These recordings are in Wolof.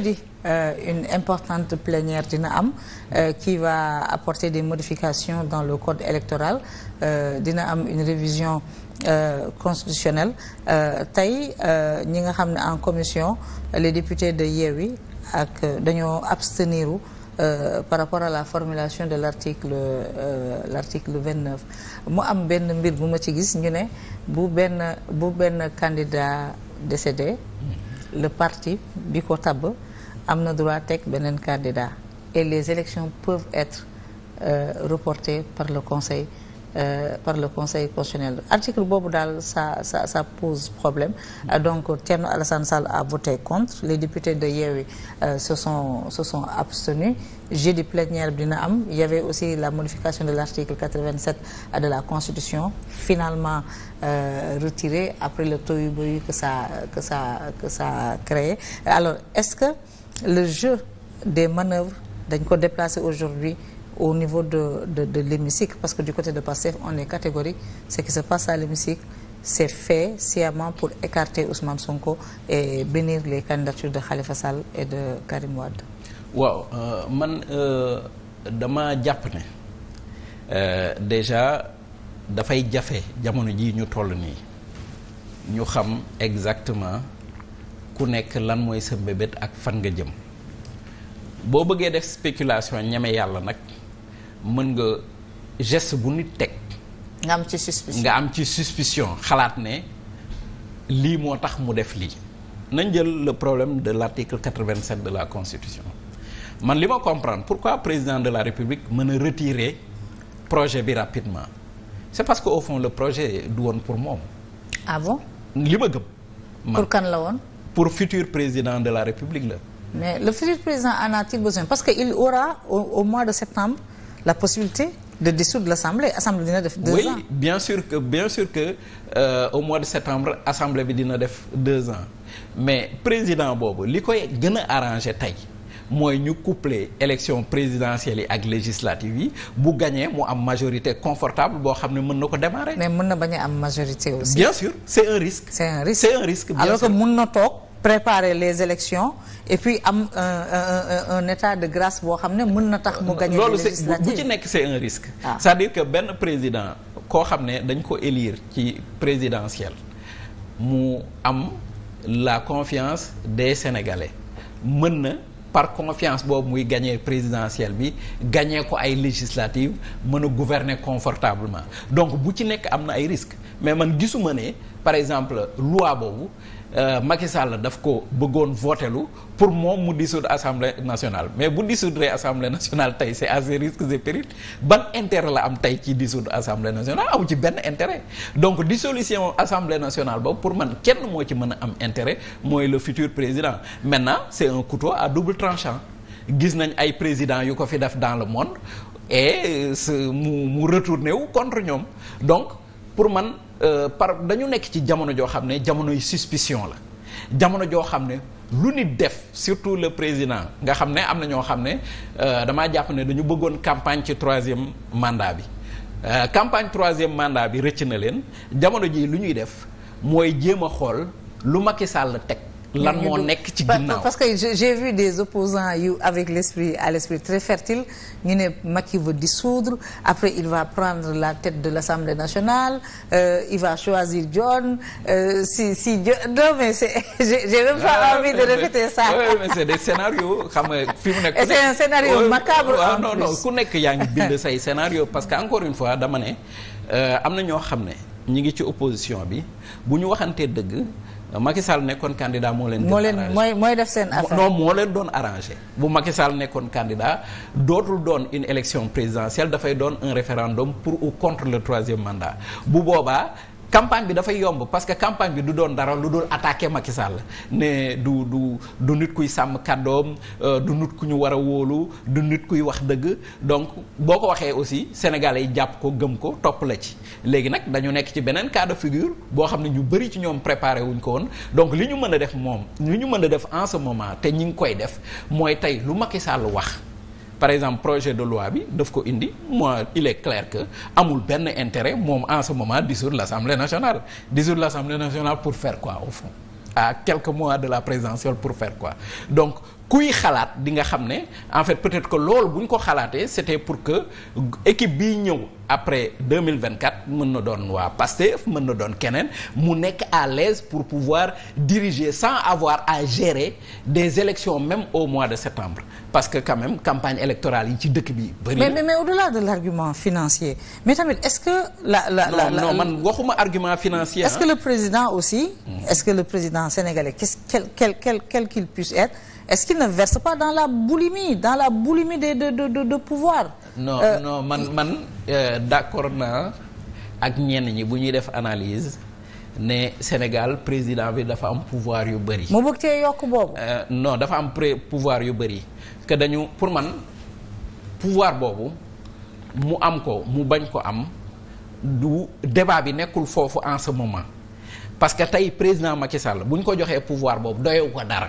di euh, une importante plénière dina am euh, qui va apporter des modifications dans le code électoral euh, dina am une révision constitutionnelle tey ñi nga xam ne en commission les députés de Yewwi ak dañoo absteniru par rapport à la formulation de l'article l'article vingt-neuf mu am benn mbir bu ma ci gis ñu ne bu benn bu benn candidat décédé le parti bi ko tabb am na droit teg beneen candidat et les élections peuvent être euh, reportées par le conseil euh, par le conseil constitutionnel article boobu daal ça ça ça pose problème euh, donc Thierno Alassane Sall a voté contre les députés de Yewwi euh, se sont se sont abstenus jeudi plénière bi dina am il y avait aussi la modification de l'article 87 de la constitution finalement euh, retirée après le tohu-bohu que ça ça que ça le jeu des manœuvres dañ ko déplacer aujourd'hui au niveau de de de l'hémicycle parce que du côté de Pastef on est catégorique ce qui se passe à l'hémicycle c'est fait sciemment pour écarter Ousmane Sonko et bénir les candidatures de Khalifa et de Karim Wade. waaw euh, man euh, dama jàpp ne euh, déjà dafay jafe jamono ji ñu toll nii ñu xam exactement. ku nekk lan mooy sa mbébét ak fan nga jëm boo bëggee def spéculation ñeme yàlla nag mën nga gest bu nit teg. nga am ci suspicion nga am ci suspicion xalaat ne lii moo tax mu def lii. nañ jël le problème de l' article quatre vingt de la constitution man li ma comprendre pourquoi président de la république mën a retirer projet bi rapidement c' est parce que au fond le projet du woon pour moom. ah li ma gëm. pour kan la woon. pour futur président de la République la mais le futur président en a besoin parce que il aura au, mois de septembre la possibilité de dissoudre l'Assemblée Assemblée dina def deux oui, ans bien sûr que bien sûr que euh, au mois de septembre Assemblée bi dina def deux ans mais président boobu li koy gën a arrangé tey. mooy ñu coupler élection présidentielle yi ak législative yi bu gagné mu am majorité confortable boo xam ne mën na ko démarrer. mais mën na bañ a am majorité aussi. bien sûr c'est un risque. c'est un risque c'est un na toog préparer les élections et puis am un un, un, un état de grâce boo xam ne mën na tax mu. gagné loolu c'est bu ci nekk c'est un risque. Ah. cest dire que benn président koo xam ne dañ ko élire ci présidentielle mu am la confiance des Sénégalais mën na. par confiance boobu muy gagné présidentielle bi gagné ko ay législative mën a gouverner confortablement donc bu ci nekk am na ay risques mais man gisuma ne par exemple loi boobu Euh, Macky Sall daf ko bëggoon vootelu pour moom mu dissoudre assemblée nationale mais bu dissoudre assemblée nationale tey c'est à ses risques et périls ban intérêt la am tey ci dissoudre assemblée nationale amu ci benn intérêt donc dissolution assemblée nationale boobu pour man kenn moo ci mën a am intérêt mooy le futur président maintenant c'est un couteau à double tranchant gis nañ ay présidents yu ko fi def dans le monde et euh, mu mu retourné wu contre ñoom donc Euh, par dañu nekk ci jamono joo xam ne jamono yu suspicion la jamono joo xam ne lu nit def surtout le président nga xam ne am na ñoo xam ne euh, damaa jàpp ne dañu bëggoon campagne ci troisième mandat bi euh, campagne troisième mandat bi rëcc na leen jamono ji lu ñuy def mooy jéem a xool lu Macky Sall teg lan moo nekk ci ginnaaw parce que j'ai vu des opposants yu avec l'esprit à l'esprit très fertile ñu ne Macky veut dissoudre après il va prendre la tête de l'Assemblée nationale euh, il va choisir John euh, si si non mais c'est j'ai même pas ah, envie de répéter ça oui mais c'est des scénarios xam nga fi mu nekk c'est ah, nekk yaa ngi bind say scénario parce que encore une fois dama ne euh, am na ñoo xam ne ñi ngi ci opposition bi bu ñu waxantee dëgg Euh, Macky Sall nekkoon candidat moo leen. moo leen mooy mooy def seen affaire non moo leen doon arrangé. bu Macky Sall nekkoon candidat dootul doon une élection présidentielle dafay doon un référendum pour ou contre le troisième mandat bu boobaa. campagne bi dafay yomb parce que campagne bi du doon dara lu dul attaqué Macky Sall ne du du du nit kuy sàmm kàddoom euh, du nit ku ñu war a wóolu du nit kuy wax dëgg donc boo ko waxee aussi sénégal yi jàpp ko gëm ko topp la ci. léegi nag dañu nekk ci beneen cas de figure boo xam ne ñu bëri ci ñoom préparé wuñ ko woon donc li ñu mën a def moom li ñu mën a def en ce moment te ñi ngi koy def mooy tey lu Macky Sall wax. par exemple projet de loi bi daf ko indi moi il est clair que amul benn intérêt moom en ce moment dissoudre l'Assemblée nationale dissoudre l'Assemblée nationale pour faire quoi au fond à quelques mois de la présidentielle pour faire quoi donc kuy xalaat di nga xam ne en fait peut-être que lool bu ñu ko xalaatee c'était pour que équipe bii ñëw après 2024 mën na doon waa Pastef mën na doon keneen mu nekk à l'aise pour pouvoir diriger sans avoir à gérer des élections même au mois de septembre parce que quand même campagne électorale yi ci dëkk bi bëri mais mais au-delà de l'argument financier mais tamit est-ce que la la la non man waxuma argument financier est-ce que le président aussi mm. est-ce que le président sénégalais qu'est-ce quel quel quel quel qu'il puisse être est-ce qu'il ne verse pas dans la boulimie dans la boulimie de de de de, de pouvoir. non euh, man man euh, d'accord naa ak ñenn ñi bu ñuy def analyse ne Sénégal président bi dafa am pouvoir yu bëri. mu bëgg cee yokk boobu. Euh, non dafa am pré pouvoir yu bëri que dañu pour man pouvoir boobu mu am ko mu bañ ko am du débat bi nekkul foofu en ce parce que tey président Macky Sall bu ñu ko joxee pouvoir boobu doyewu ko dara.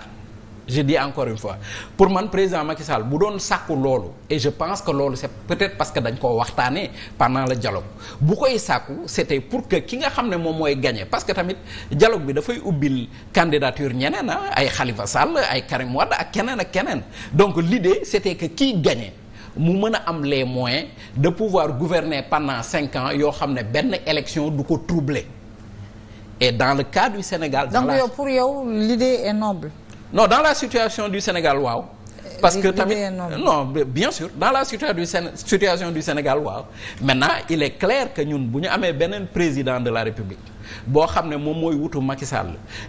je dis encore une fois pour man président Macky Sall bu doon sàkku loolu et je pense que loolu c'est peut-être parce que dañ koo waxtaanee pendant la dialogue bu koy sàkku c'était pour que ki nga xam ne moom mooy gagner parce que tamit dialogue bi dafay ubbil candidature ñeneen ah, ay xalifa Sall ay Karim Wade ak keneen ak keneen donc l'idée c'était que kiy gagner mu mën a am les moyens de pouvoir gouverner pandant cinq ans yoo xam ne benn élection du ko troubler et dans le Sénégal. dans donc pour yow l'idée non dans la situation du Sénégal waaw. parce euh, que tamit non bien sûr dans la situation du Sén situation du Sénégal waaw maintenant il est clair que ñun bu ñu amee beneen président de la République boo xam ne moom mooy wutu Macky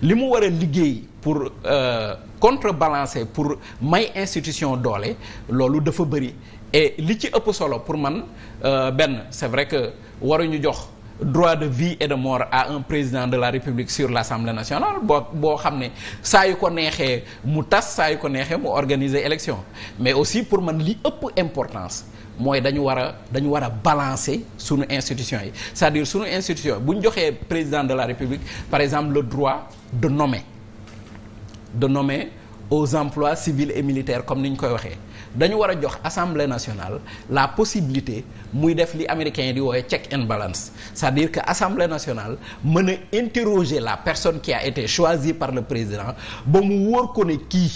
li mu war a liggéey pour euh, contrebalancer pour may institution doole loolu dafa bëri et li ci ëpp solo pour man euh, benn c'est vrai que waruñu jox. droit de vie et de mort à un président de la République sur l'Assemblée nationale boo boo xam ne saa yu ko neexee mu tas saa yu ko neexee mu organiser élection mais aussi pour man li ëpp importance mooy dañu war a dañu war a balancer sunu institution yi sa à dire sunu institution bu ñu joxee président de la République par exemple le droit de nommer de nommer aux emplois civils et militaires comme ni ñu koy waxee dañu war a jox assemblée nationale la possibilité muy def li américain yi di woowe check and balance cest dire que assemblée nationale mën a interroger la personne qui a été choisie par le président ba mu wóor ko ne kii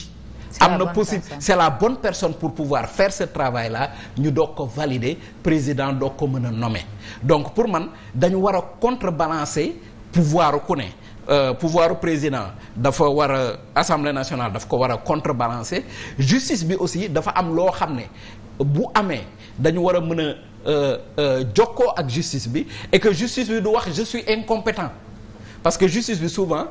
am na possible c'est la bonne personne pour pouvoir faire ce travail là ñu doog ko valider président doog ko mën a nommer donc pour man dañu war a contrebalancer pouvoir ku ne Euh, pouvoir président dafa war a assemblée nationale daf ko war a contrebalancer justice bi aussi dafa am loo xam ne bu amee dañu war a mën a euh, euh, jokkoo ak justice bi et que justice bi du wax je suis incompétent parce que justice bi souvent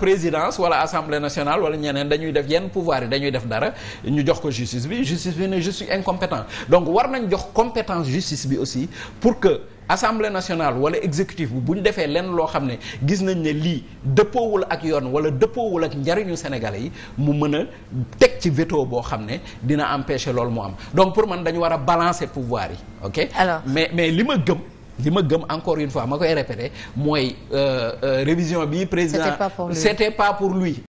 présidence wala assemblée nationale wala ñeneen dañuy def yenn pouvoir yi dañuy def dara ñu jox ko justice bi justice bi ne je suis incompétent donc war nañ jox compétence justice bi aussi pour que assemblée nationale wala exécutif bu ñu defee lenn loo xam ne gis nañ ne lii dëppoowul ak yoon wala dëppoowul ak njariñu sénégalais yi mu mën a teg ci veto boo xam ne dina empêcher loolu mu am donc pour man dañu war a balancer pouvoir yi ok alors mais mais li ma gëm li ma gëm encore une fois ma koy répéter mooy euh, euh, révision bi président est c'était pas pour lui